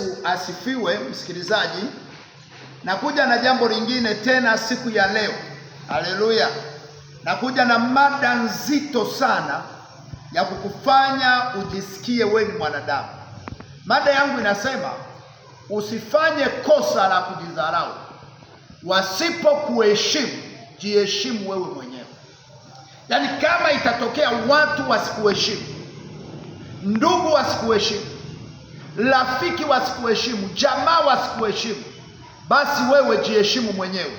Yesu asifiwe, msikilizaji. Nakuja na jambo lingine tena siku ya leo, haleluya. Nakuja na mada nzito sana ya kukufanya ujisikie wewe ni mwanadamu. Mada yangu inasema usifanye kosa la kujidharau, wasipokuheshimu jiheshimu wewe mwenyewe. Yaani, kama itatokea watu wasikuheshimu, ndugu wasikuheshimu rafiki wasikuheshimu, jamaa wasikuheshimu, basi wewe jiheshimu mwenyewe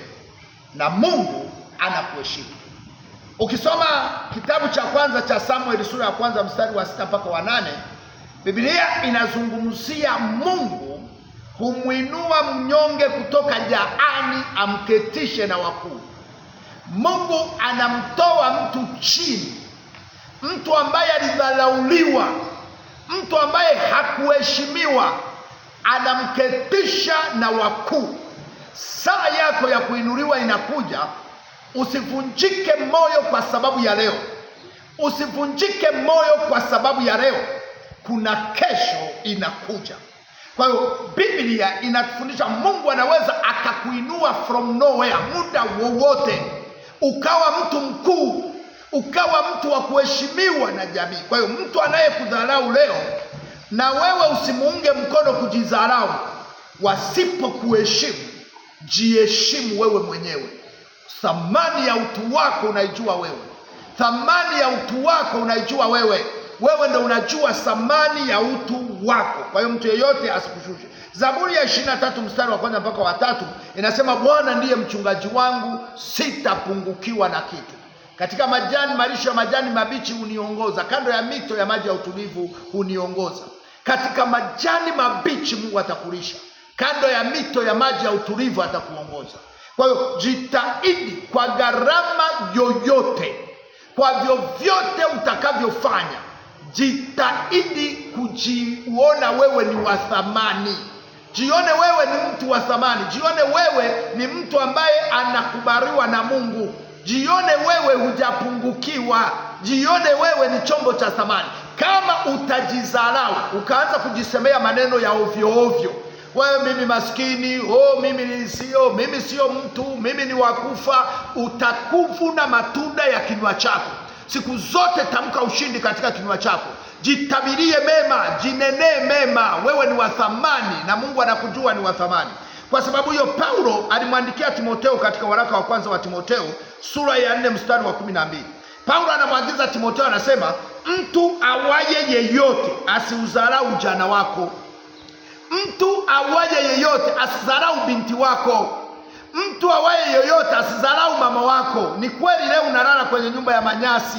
na Mungu anakuheshimu. Ukisoma kitabu cha kwanza cha Samueli sura ya kwanza mstari wa sita mpaka wa nane Biblia inazungumzia Mungu humwinua mnyonge kutoka jaani amketishe na wakuu. Mungu anamtoa mtu chini, mtu ambaye alidharauliwa mtu ambaye hakuheshimiwa anamketisha na wakuu. Saa yako ya kuinuliwa inakuja. Usivunjike moyo kwa sababu ya leo, usivunjike moyo kwa sababu ya leo, kuna kesho inakuja. Kwa hiyo Biblia inatufundisha Mungu anaweza akakuinua from nowhere muda wowote, ukawa mtu mkuu ukawa mtu wa kuheshimiwa na jamii. Kwa hiyo mtu anayekudharau leo, na wewe usimuunge mkono kujidharau. Wasipokuheshimu, jiheshimu wewe mwenyewe. Thamani ya utu wako unaijua wewe, thamani ya utu wako unaijua wewe wewe ndo unajua thamani ya utu wako. Kwa hiyo mtu yeyote asikushushe. Zaburi ya ishirini na tatu mstari wa kwanza mpaka wa tatu inasema Bwana ndiye mchungaji wangu, sitapungukiwa na kitu katika majani malisho ya majani mabichi huniongoza, kando ya mito ya maji ya utulivu huniongoza. Katika majani mabichi Mungu atakulisha, kando ya mito ya maji ya utulivu atakuongoza. Kwa hiyo jitahidi kwa gharama yoyote, kwa vyovyote utakavyofanya, jitahidi kujiona wewe ni wa thamani. Jione wewe ni mtu wa thamani, jione wewe ni mtu ambaye anakubaliwa na Mungu. Jione wewe hujapungukiwa, jione wewe ni chombo cha thamani. Kama utajidharau ukaanza kujisemea maneno ya ovyo ovyo, wewe mimi maskini, oh, mimi sio, mimi sio mtu, mimi ni wakufa, utakuvuna matunda ya kinywa chako. Siku zote tamka ushindi katika kinywa chako, jitabirie mema, jinenee mema. Wewe ni wa thamani na Mungu anakujua ni wa thamani. Kwa sababu hiyo, Paulo alimwandikia Timotheo katika waraka wa kwanza wa Timotheo sura ya nne mstari wa kumi na mbili Paulo anamwagiza Timotheo, anasema mtu awaye yeyote asiudharau ujana wako, mtu awaye yeyote asidharau binti wako, mtu awaye yeyote asidharau mama wako. Ni kweli leo unalala kwenye nyumba ya manyasi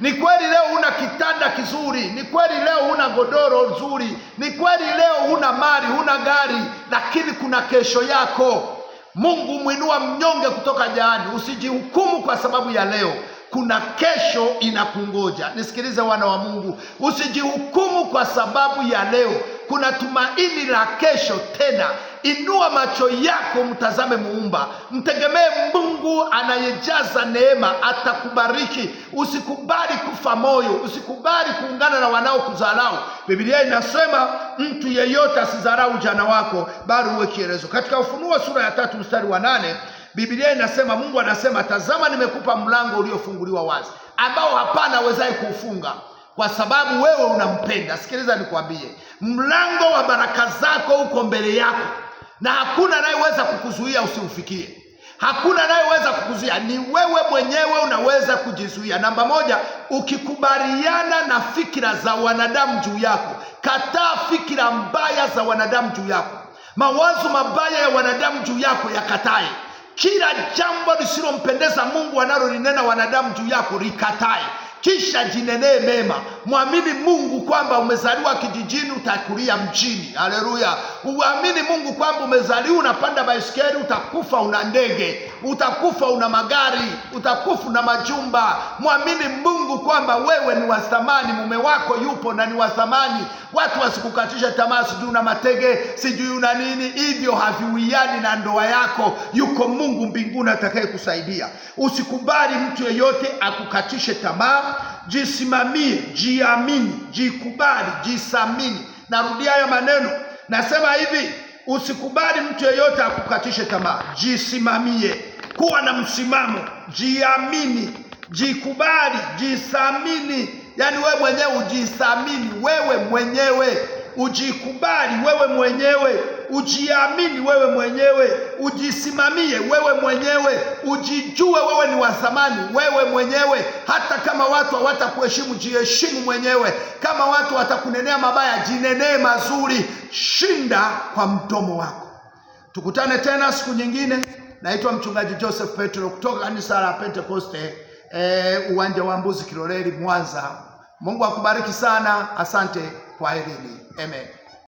ni kweli leo una kitanda kizuri, ni kweli leo una godoro nzuri, ni kweli leo una mali, una gari, lakini kuna kesho yako. Mungu mwinua mnyonge kutoka jaani. Usijihukumu kwa sababu ya leo, kuna kesho inakungoja. Nisikilize wana wa Mungu, usijihukumu kwa sababu ya leo, kuna tumaini la kesho tena Inua macho yako, mtazame Muumba, mtegemee Mungu anayejaza neema, atakubariki. Usikubali kufa moyo, usikubali kuungana na wanaokudharau. Biblia inasema mtu yeyote asidharau ujana wako, bali uwe kielezo Katika Ufunuo sura ya tatu mstari wa nane Biblia inasema, Mungu anasema, tazama, nimekupa mlango uliofunguliwa wazi, ambao hapana awezaye kuufunga kwa sababu wewe unampenda. Sikiliza nikwambie, mlango wa baraka zako uko mbele yako na hakuna anayeweza kukuzuia usiufikie. Hakuna anayeweza kukuzuia, ni wewe mwenyewe unaweza kujizuia. Namba moja, ukikubaliana na fikira za wanadamu juu yako. Kataa fikira mbaya za wanadamu juu yako, mawazo mabaya ya wanadamu juu yako yakatae. Kila jambo lisilompendeza Mungu analolinena wanadamu juu yako likatae kisha jinenee mema. Mwamini Mungu kwamba umezaliwa kijijini, utakulia mjini. Haleluya! Uamini Mungu kwamba umezaliwa unapanda baisikeli, utakufa una ndege, utakufa una magari, utakufa una majumba. Mwamini Mungu kwamba wewe ni wa thamani, mume wako yupo na ni wa thamani, watu wasikukatisha tamaa, sijui una matege, sijui una nini. Hivyo haviwiani na ndoa yako. Yuko Mungu mbinguni atakayekusaidia. Usikubali mtu yeyote akukatishe tamaa jisimamie, jiamini, jikubali, jisamini. Narudia haya maneno, nasema hivi, usikubali mtu yeyote akukatishe tamaa. Jisimamie, kuwa na msimamo, jiamini, jikubali, jisamini. Yaani wewe mwenyewe ujisamini, wewe mwenyewe ujikubali, wewe mwenyewe ujiamini wewe mwenyewe, ujisimamie wewe mwenyewe, ujijue wewe ni wa thamani wewe mwenyewe. Hata kama watu hawatakuheshimu, jiheshimu mwenyewe. Kama watu watakunenea mabaya, jinenee mazuri. Shinda kwa mdomo wako. Tukutane tena siku nyingine. Naitwa mchungaji Joseph Petro kutoka kanisa la Pentekoste eh, uwanja wa Mbuzi Kiloleli, Mwanza. Mungu akubariki sana. Asante kwa elini. Amen.